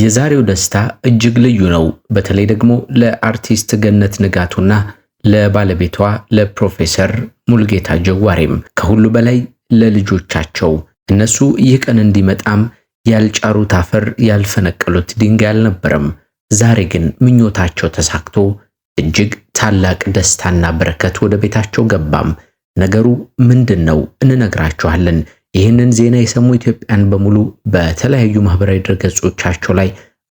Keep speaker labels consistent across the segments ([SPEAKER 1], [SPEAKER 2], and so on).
[SPEAKER 1] የዛሬው ደስታ እጅግ ልዩ ነው። በተለይ ደግሞ ለአርቲስት ገነት ንጋቱና ለባለቤቷ ለፕሮፌሰር ሙልጌታ ጀዋሬም ከሁሉ በላይ ለልጆቻቸው እነሱ ይህ ቀን እንዲመጣም ያልጫሩት አፈር ያልፈነቀሉት ድንጋይ አልነበረም። ዛሬ ግን ምኞታቸው ተሳክቶ እጅግ ታላቅ ደስታና በረከት ወደ ቤታቸው ገባም። ነገሩ ምንድን ነው? እንነግራችኋለን። ይህንን ዜና የሰሙ ኢትዮጵያን በሙሉ በተለያዩ ማህበራዊ ድረገጾቻቸው ላይ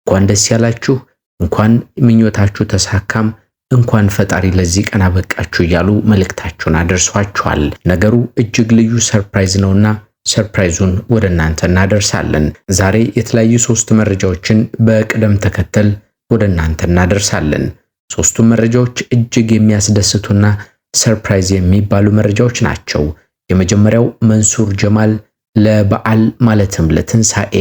[SPEAKER 1] እንኳን ደስ ያላችሁ፣ እንኳን ምኞታችሁ ተሳካም፣ እንኳን ፈጣሪ ለዚህ ቀን አበቃችሁ እያሉ መልእክታቸውን አደርሷቸዋል። ነገሩ እጅግ ልዩ ሰርፕራይዝ ነውና ሰርፕራይዙን ወደ እናንተ እናደርሳለን። ዛሬ የተለያዩ ሶስት መረጃዎችን በቅደም ተከተል ወደ እናንተ እናደርሳለን። ሶስቱም መረጃዎች እጅግ የሚያስደስቱና ሰርፕራይዝ የሚባሉ መረጃዎች ናቸው። የመጀመሪያው መንሱር ጀማል ለበዓል ማለትም ለትንሣኤ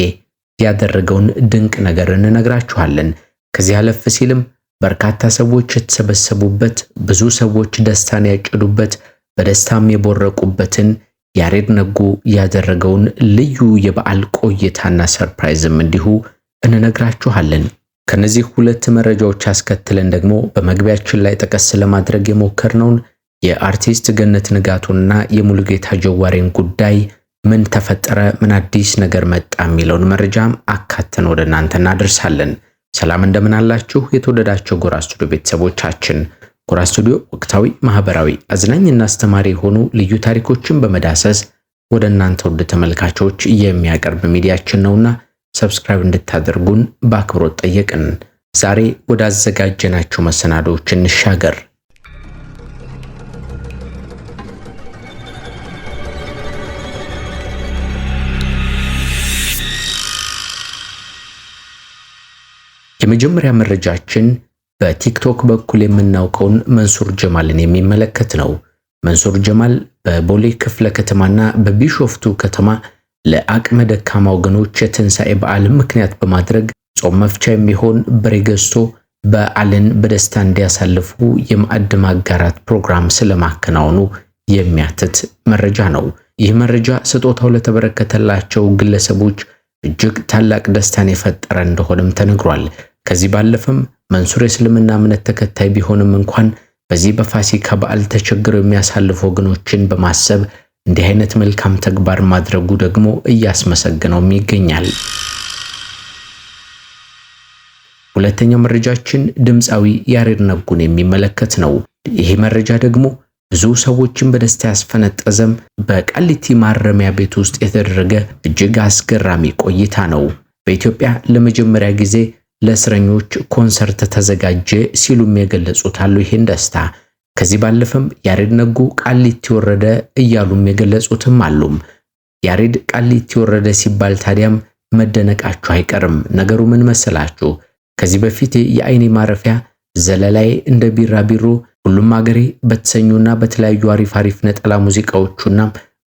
[SPEAKER 1] ያደረገውን ድንቅ ነገር እንነግራችኋለን። ከዚህ አለፍ ሲልም በርካታ ሰዎች የተሰበሰቡበት፣ ብዙ ሰዎች ደስታን ያጨዱበት፣ በደስታም የቦረቁበትን ያሬድ ነጉ ያደረገውን ልዩ የበዓል ቆይታና ሰርፕራይዝም እንዲሁ እንነግራችኋለን። ከነዚህ ሁለት መረጃዎች አስከትለን ደግሞ በመግቢያችን ላይ ጠቀስ ለማድረግ የሞከርነውን የአርቲስት ገነት ንጋቱና የሙሉጌታ ጀዋሬን ጉዳይ ምን ተፈጠረ፣ ምን አዲስ ነገር መጣ የሚለውን መረጃም አካተን ወደ እናንተ እናደርሳለን። ሰላም እንደምን አላችሁ? የተወደዳቸው ጎራ ስቱዲዮ ቤተሰቦቻችን፣ ጎራ ስቱዲዮ ወቅታዊ፣ ማህበራዊ፣ አዝናኝና አስተማሪ የሆኑ ልዩ ታሪኮችን በመዳሰስ ወደ እናንተ ውድ ተመልካቾች የሚያቀርብ ሚዲያችን ነውና ሰብስክራይብ እንድታደርጉን በአክብሮት ጠየቅን። ዛሬ ወደ መሰናዶዎች እንሻገር። የመጀመሪያ መረጃችን በቲክቶክ በኩል የምናውቀውን መንሱር ጀማልን የሚመለከት ነው። መንሱር ጀማል በቦሌ ክፍለ ከተማና በቢሾፍቱ ከተማ ለአቅመ ደካማ ወገኖች የትንሣኤ በዓል ምክንያት በማድረግ ጾም መፍቻ የሚሆን በሬ ገዝቶ በዓልን በደስታ እንዲያሳልፉ የማዕድ ማጋራት ፕሮግራም ስለማከናወኑ የሚያትት መረጃ ነው። ይህ መረጃ ስጦታው ለተበረከተላቸው ግለሰቦች እጅግ ታላቅ ደስታን የፈጠረ እንደሆነም ተነግሯል። ከዚህ ባለፈም መንሱር የእስልምና እምነት ተከታይ ቢሆንም እንኳን በዚህ በፋሲካ በዓል ተቸግረው የሚያሳልፉ ወገኖችን በማሰብ እንዲህ አይነት መልካም ተግባር ማድረጉ ደግሞ እያስመሰገነውም ይገኛል። ሁለተኛው መረጃችን ድምፃዊ ያሬድ ነጉን የሚመለከት ነው። ይሄ መረጃ ደግሞ ብዙ ሰዎችን በደስታ ያስፈነጠዘም በቃሊቲ ማረሚያ ቤት ውስጥ የተደረገ እጅግ አስገራሚ ቆይታ ነው። በኢትዮጵያ ለመጀመሪያ ጊዜ ለእስረኞች ኮንሰርት ተዘጋጀ ሲሉም የገለጹት አሉ። ይሄን ደስታ ከዚህ ባለፈም ያሬድ ነጉ ቃሊቲ ወረደ እያሉም የገለጹትም አሉም። ያሬድ ቃሊቲ ወረደ ሲባል ታዲያም መደነቃችሁ አይቀርም። ነገሩ ምን መሰላችሁ? ከዚህ በፊት የአይኔ ማረፊያ ዘለላይ እንደ ቢራቢሮ ሁሉም አገሬ በተሰኙና በተለያዩ አሪፍ አሪፍ ነጠላ ሙዚቃዎቹና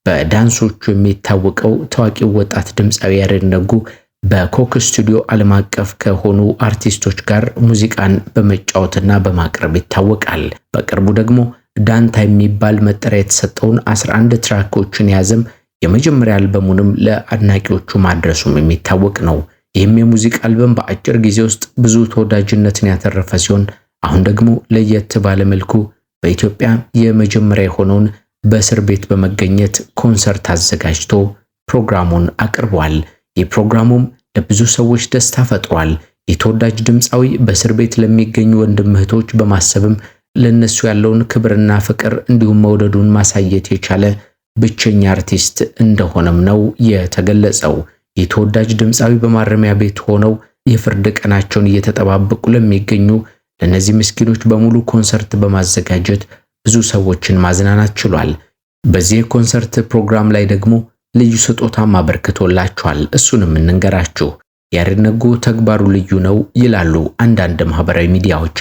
[SPEAKER 1] በዳንሶቹ የሚታወቀው ታዋቂው ወጣት ድምፃዊ ያሬድ ነጉ በኮክ ስቱዲዮ ዓለም አቀፍ ከሆኑ አርቲስቶች ጋር ሙዚቃን በመጫወትና በማቅረብ ይታወቃል። በቅርቡ ደግሞ ዳንታ የሚባል መጠሪያ የተሰጠውን 11 ትራኮችን የያዘም የመጀመሪያ አልበሙንም ለአድናቂዎቹ ማድረሱም የሚታወቅ ነው። ይህም የሙዚቃ አልበም በአጭር ጊዜ ውስጥ ብዙ ተወዳጅነትን ያተረፈ ሲሆን አሁን ደግሞ ለየት ባለ መልኩ በኢትዮጵያ የመጀመሪያ የሆነውን በእስር ቤት በመገኘት ኮንሰርት አዘጋጅቶ ፕሮግራሙን አቅርቧል። የፕሮግራሙም ለብዙ ሰዎች ደስታ ፈጥሯል። የተወዳጅ ድምፃዊ በእስር ቤት ለሚገኙ ወንድም እህቶች በማሰብም ለነሱ ያለውን ክብርና ፍቅር እንዲሁም መውደዱን ማሳየት የቻለ ብቸኛ አርቲስት እንደሆነም ነው የተገለጸው። የተወዳጅ ድምፃዊ በማረሚያ ቤት ሆነው የፍርድ ቀናቸውን እየተጠባበቁ ለሚገኙ ለእነዚህ ምስኪኖች በሙሉ ኮንሰርት በማዘጋጀት ብዙ ሰዎችን ማዝናናት ችሏል። በዚህ ኮንሰርት ፕሮግራም ላይ ደግሞ ልዩ ስጦታም አበርክቶላቸዋል። እሱንም እንንገራችሁ። ያሬድ ነጉ ተግባሩ ልዩ ነው ይላሉ አንዳንድ ማህበራዊ ሚዲያዎች።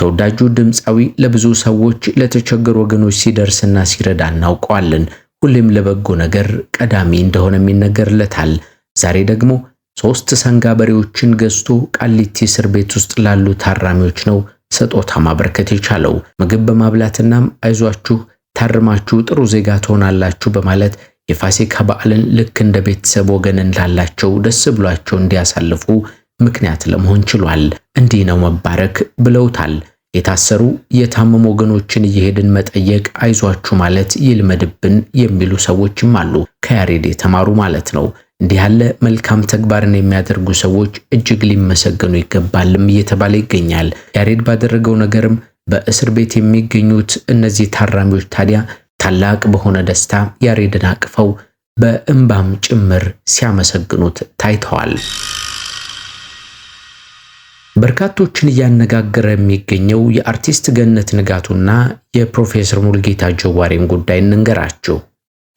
[SPEAKER 1] ተወዳጁ ድምፃዊ ለብዙ ሰዎች፣ ለተቸገሩ ወገኖች ሲደርስና ሲረዳ እናውቀዋለን። ሁሌም ለበጎ ነገር ቀዳሚ እንደሆነም ይነገርለታል። ዛሬ ደግሞ ሶስት ሰንጋ በሬዎችን ገዝቶ ቃሊቲ እስር ቤት ውስጥ ላሉ ታራሚዎች ነው ስጦታ ማበረከት የቻለው። ምግብ በማብላትናም አይዟችሁ ታርማችሁ ጥሩ ዜጋ ትሆናላችሁ በማለት የፋሲካ በዓልን ልክ እንደ ቤተሰብ ወገን እንዳላቸው ደስ ብሏቸው እንዲያሳልፉ ምክንያት ለመሆን ችሏል። እንዲህ ነው መባረክ ብለውታል። የታሰሩ የታመሙ ወገኖችን እየሄድን መጠየቅ፣ አይዟችሁ ማለት ይልመድብን የሚሉ ሰዎችም አሉ። ከያሬድ የተማሩ ማለት ነው። እንዲህ ያለ መልካም ተግባርን የሚያደርጉ ሰዎች እጅግ ሊመሰገኑ ይገባልም እየተባለ ይገኛል። ያሬድ ባደረገው ነገርም በእስር ቤት የሚገኙት እነዚህ ታራሚዎች ታዲያ ታላቅ በሆነ ደስታ ያሬድን አቅፈው በእንባም ጭምር ሲያመሰግኑት ታይተዋል። በርካቶችን እያነጋገረ የሚገኘው የአርቲስት ገነት ንጋቱና የፕሮፌሰር ሙልጌታ ጀዋሬን ጉዳይ እንንገራችሁ።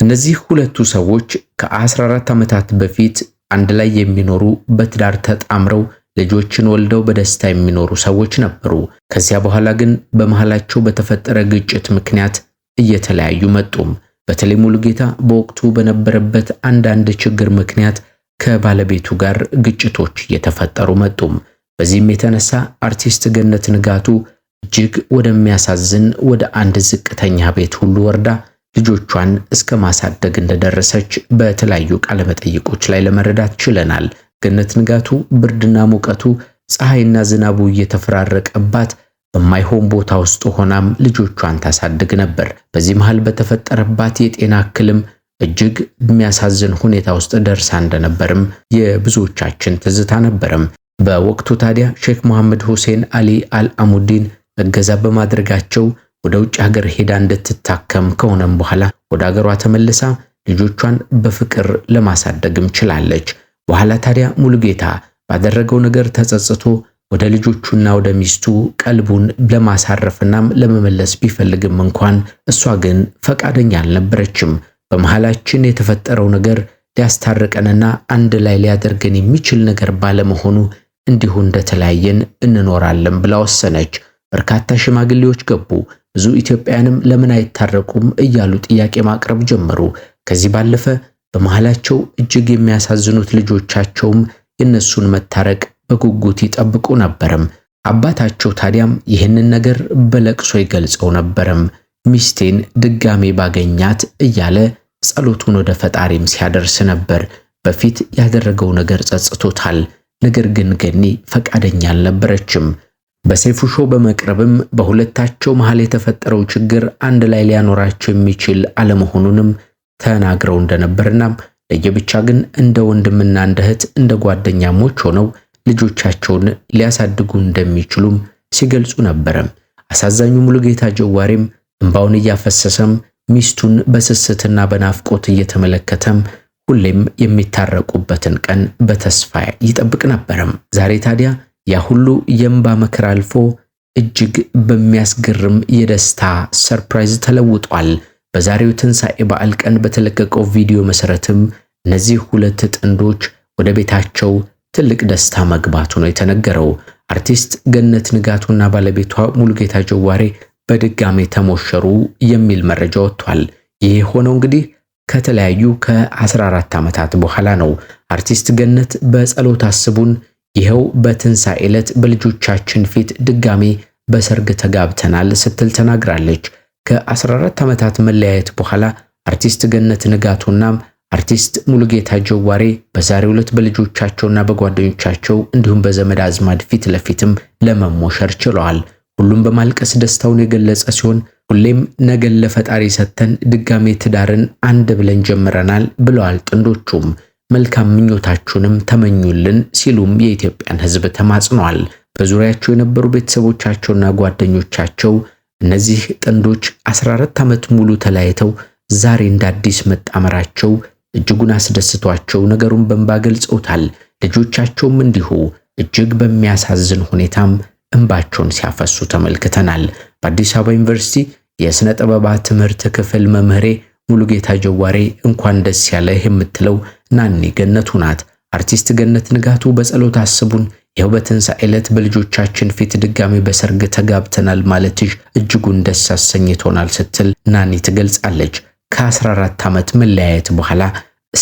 [SPEAKER 1] እነዚህ ሁለቱ ሰዎች ከ14 ዓመታት በፊት አንድ ላይ የሚኖሩ በትዳር ተጣምረው ልጆችን ወልደው በደስታ የሚኖሩ ሰዎች ነበሩ። ከዚያ በኋላ ግን በመሃላቸው በተፈጠረ ግጭት ምክንያት እየተለያዩ መጡም። በተለይ ሙሉጌታ በወቅቱ በነበረበት አንዳንድ ችግር ምክንያት ከባለቤቱ ጋር ግጭቶች እየተፈጠሩ መጡም። በዚህም የተነሳ አርቲስት ገነት ንጋቱ እጅግ ወደሚያሳዝን ወደ አንድ ዝቅተኛ ቤት ሁሉ ወርዳ ልጆቿን እስከ ማሳደግ እንደደረሰች በተለያዩ ቃለመጠይቆች ላይ ለመረዳት ችለናል። ገነት ንጋቱ ብርድና ሙቀቱ ፀሐይና ዝናቡ እየተፈራረቀባት በማይሆን ቦታ ውስጥ ሆናም ልጆቿን ታሳድግ ነበር። በዚህ መሃል በተፈጠረባት የጤና እክልም እጅግ በሚያሳዝን ሁኔታ ውስጥ ደርሳ እንደነበርም የብዙዎቻችን ትዝታ ነበርም። በወቅቱ ታዲያ ሼክ መሐመድ ሁሴን አሊ አልአሙዲን እገዛ በማድረጋቸው ወደ ውጭ ሀገር ሄዳ እንድትታከም ከሆነም በኋላ ወደ ሀገሯ ተመልሳ ልጆቿን በፍቅር ለማሳደግም ችላለች። በኋላ ታዲያ ሙሉጌታ ባደረገው ነገር ተጸጽቶ ወደ ልጆቹና ወደ ሚስቱ ቀልቡን ለማሳረፍናም ለመመለስ ቢፈልግም እንኳን እሷ ግን ፈቃደኛ አልነበረችም። በመሃላችን የተፈጠረው ነገር ሊያስታርቀንና አንድ ላይ ሊያደርገን የሚችል ነገር ባለመሆኑ እንዲሁ እንደተለያየን እንኖራለን ብላ ወሰነች። በርካታ ሽማግሌዎች ገቡ። ብዙ ኢትዮጵያውያንም ለምን አይታረቁም እያሉ ጥያቄ ማቅረብ ጀመሩ። ከዚህ ባለፈ በመሃላቸው እጅግ የሚያሳዝኑት ልጆቻቸውም የእነሱን መታረቅ በጉጉት ይጠብቁ ነበርም። አባታቸው ታዲያም ይህንን ነገር በለቅሶ ይገልጸው ነበርም። ሚስቴን ድጋሜ ባገኛት እያለ ጸሎቱን ወደ ፈጣሪም ሲያደርስ ነበር። በፊት ያደረገው ነገር ጸጽቶታል። ነገር ግን ገኒ ፈቃደኛ አልነበረችም። በሰይፉ ሾው በመቅረብም በሁለታቸው መሃል የተፈጠረው ችግር አንድ ላይ ሊያኖራቸው የሚችል አለመሆኑንም ተናግረው እንደነበርና ለየብቻ ግን እንደ ወንድምና እንደ እህት እንደ ጓደኛሞች ሆነው ልጆቻቸውን ሊያሳድጉ እንደሚችሉም ሲገልጹ ነበረም። አሳዛኙ ሙሉጌታ ጀዋሬም እንባውን እያፈሰሰም ሚስቱን በስስትና በናፍቆት እየተመለከተም ሁሌም የሚታረቁበትን ቀን በተስፋ ይጠብቅ ነበረም። ዛሬ ታዲያ ያ ሁሉ የእንባ መከራ አልፎ እጅግ በሚያስገርም የደስታ ሰርፕራይዝ ተለውጧል። በዛሬው ትንሣኤ በዓል ቀን በተለቀቀው ቪዲዮ መሰረትም እነዚህ ሁለት ጥንዶች ወደ ቤታቸው ትልቅ ደስታ መግባቱ ነው የተነገረው። አርቲስት ገነት ንጋቱና ባለቤቷ ሙሉጌታ ጀዋሬ በድጋሜ ተሞሸሩ የሚል መረጃ ወጥቷል። ይህ ሆነው እንግዲህ ከተለያዩ ከ14 ዓመታት በኋላ ነው። አርቲስት ገነት በጸሎት አስቡን፣ ይኸው በትንሣኤ ዕለት በልጆቻችን ፊት ድጋሜ በሰርግ ተጋብተናል ስትል ተናግራለች። ከ14 ዓመታት መለያየት በኋላ አርቲስት ገነት ንጋቱናም አርቲስት ሙሉጌታ ጀዋሬ በዛሬው ዕለት በልጆቻቸውና በጓደኞቻቸው እንዲሁም በዘመድ አዝማድ ፊት ለፊትም ለመሞሸር ችለዋል። ሁሉም በማልቀስ ደስታውን የገለጸ ሲሆን ሁሌም ነገን ለፈጣሪ ሰጥተን ድጋሜ ትዳርን አንድ ብለን ጀምረናል ብለዋል። ጥንዶቹም መልካም ምኞታችሁንም ተመኙልን ሲሉም የኢትዮጵያን ሕዝብ ተማጽነዋል። በዙሪያቸው የነበሩ ቤተሰቦቻቸውና ጓደኞቻቸው እነዚህ ጥንዶች 14 ዓመት ሙሉ ተለያይተው ዛሬ እንደ አዲስ መጣመራቸው እጅጉን አስደስቷቸው ነገሩን በእንባ ገልጸውታል። ልጆቻቸውም እንዲሁ እጅግ በሚያሳዝን ሁኔታም እንባቸውን ሲያፈሱ ተመልክተናል። በአዲስ አበባ ዩኒቨርሲቲ የሥነ ጥበባት ትምህርት ክፍል መምህሬ ሙሉጌታ ጀዋሬ እንኳን ደስ ያለህ የምትለው ናኒ ገነቱ ናት። አርቲስት ገነት ንጋቱ በጸሎት አስቡን፣ የውበትን ሳይለት በልጆቻችን ፊት ድጋሚ በሰርግ ተጋብተናል ማለትሽ እጅጉን ደስ አሰኝቶናል ስትል ናኒ ትገልጻለች። ከ14 ዓመት መለያየት በኋላ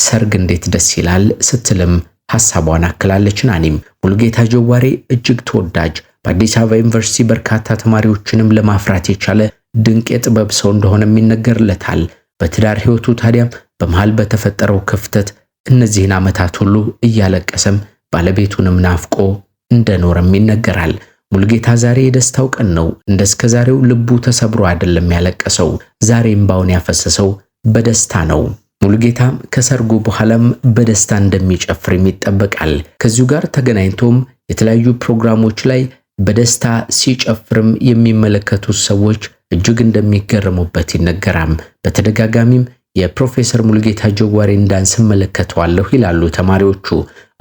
[SPEAKER 1] ሰርግ እንዴት ደስ ይላል ስትልም ሀሳቧን አክላለች። ናኒም ሙሉጌታ ጀዋሬ እጅግ ተወዳጅ በአዲስ አበባ ዩኒቨርሲቲ በርካታ ተማሪዎችንም ለማፍራት የቻለ ድንቅ የጥበብ ሰው እንደሆነም ይነገርለታል። በትዳር ህይወቱ ታዲያም በመሃል በተፈጠረው ክፍተት እነዚህን ዓመታት ሁሉ እያለቀሰም ባለቤቱንም ናፍቆ እንደኖረም ይነገራል። ሙልጌታ ዛሬ የደስታው ቀን ነው። እንደ እስከ ዛሬው ልቡ ተሰብሮ አይደለም ያለቀሰው፣ ዛሬ እምባውን ያፈሰሰው በደስታ ነው። ሙልጌታም ከሰርጉ በኋላም በደስታ እንደሚጨፍርም ይጠበቃል። ከዚሁ ጋር ተገናኝቶም የተለያዩ ፕሮግራሞች ላይ በደስታ ሲጨፍርም የሚመለከቱት ሰዎች እጅግ እንደሚገረሙበት ይነገራም። በተደጋጋሚም የፕሮፌሰር ሙልጌታ ጀዋሬን ዳንስ እመለከተዋለሁ ይላሉ ተማሪዎቹ።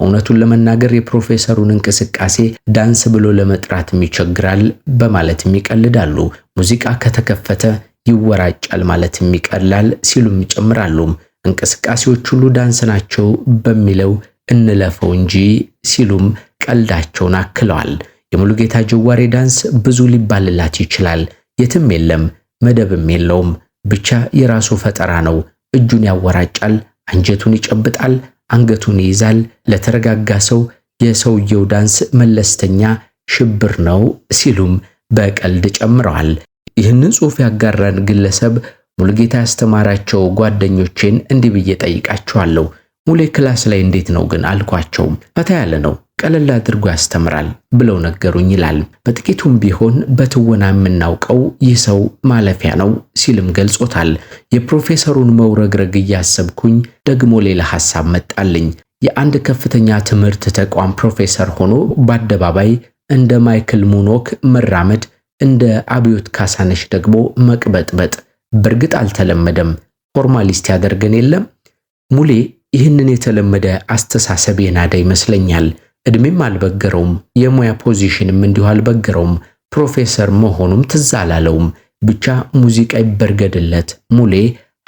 [SPEAKER 1] እውነቱን ለመናገር የፕሮፌሰሩን እንቅስቃሴ ዳንስ ብሎ ለመጥራትም ይቸግራል በማለትም ይቀልዳሉ። ሙዚቃ ከተከፈተ ይወራጫል ማለትም ይቀላል ሲሉም ይጨምራሉ። እንቅስቃሴዎች ሁሉ ዳንስ ናቸው በሚለው እንለፈው እንጂ ሲሉም ቀልዳቸውን አክለዋል። የሙሉጌታ ጀዋሬ ዳንስ ብዙ ሊባልላት ይችላል። የትም የለም፣ መደብም የለውም። ብቻ የራሱ ፈጠራ ነው። እጁን ያወራጫል፣ አንጀቱን ይጨብጣል፣ አንገቱን ይይዛል። ለተረጋጋ ሰው የሰውየው ዳንስ መለስተኛ ሽብር ነው ሲሉም በቀልድ ጨምረዋል። ይህንን ጽሑፍ ያጋራን ግለሰብ ሙሉጌታ ያስተማራቸው ጓደኞቼን እንዲህ ብዬ ጠይቃቸዋለሁ። ሙሌ ክላስ ላይ እንዴት ነው ግን አልኳቸውም። ፈታ ያለ ነው ቀለል አድርጎ ያስተምራል ብለው ነገሩኝ ይላል። በጥቂቱም ቢሆን በትወና የምናውቀው ይህ ሰው ማለፊያ ነው ሲልም ገልጾታል። የፕሮፌሰሩን መውረግረግ እያሰብኩኝ ደግሞ ሌላ ሐሳብ መጣልኝ። የአንድ ከፍተኛ ትምህርት ተቋም ፕሮፌሰር ሆኖ በአደባባይ እንደ ማይክል ሙኖክ መራመድ፣ እንደ አብዮት ካሳነሽ ደግሞ መቅበጥበጥ በእርግጥ አልተለመደም። ፎርማሊስት ያደርገን የለም ሙሌ ይህንን የተለመደ አስተሳሰብ የናደ ይመስለኛል። እድሜም አልበገረውም፣ የሙያ ፖዚሽንም እንዲሁ አልበገረውም። ፕሮፌሰር መሆኑም ትዝ አላለውም። ብቻ ሙዚቃ ይበርገድለት። ሙሌ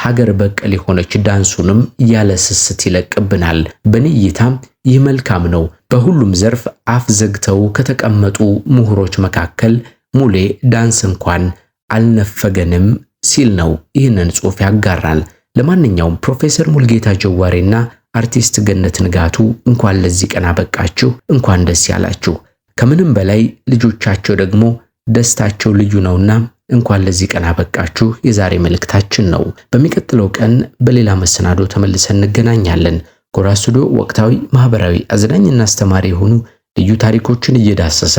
[SPEAKER 1] ሀገር በቀል የሆነች ዳንሱንም ያለ ስስት ይለቅብናል። በኔ እይታ ይህ መልካም ነው። በሁሉም ዘርፍ አፍ ዘግተው ከተቀመጡ ምሁሮች መካከል ሙሌ ዳንስ እንኳን አልነፈገንም ሲል ነው ይህንን ጽሑፍ ያጋራል። ለማንኛውም ፕሮፌሰር ሙልጌታ ጀዋሬና አርቲስት ገነት ንጋቱ እንኳን ለዚህ ቀን አበቃችሁ፣ እንኳን ደስ ያላችሁ። ከምንም በላይ ልጆቻቸው ደግሞ ደስታቸው ልዩ ነውና እንኳን ለዚህ ቀን አበቃችሁ የዛሬ መልእክታችን ነው። በሚቀጥለው ቀን በሌላ መሰናዶ ተመልሰን እንገናኛለን። ጎራ ስቱዲዮ ወቅታዊ፣ ማህበራዊ፣ አዝናኝና አስተማሪ የሆኑ ልዩ ታሪኮችን እየዳሰሰ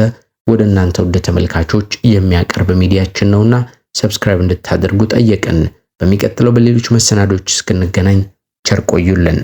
[SPEAKER 1] ወደ እናንተ ወደ ተመልካቾች የሚያቀርብ ሚዲያችን ነውና ሰብስክራይብ እንድታደርጉ ጠየቅን። በሚቀጥለው በሌሎች መሰናዶች እስክንገናኝ ቸር ቆዩልን።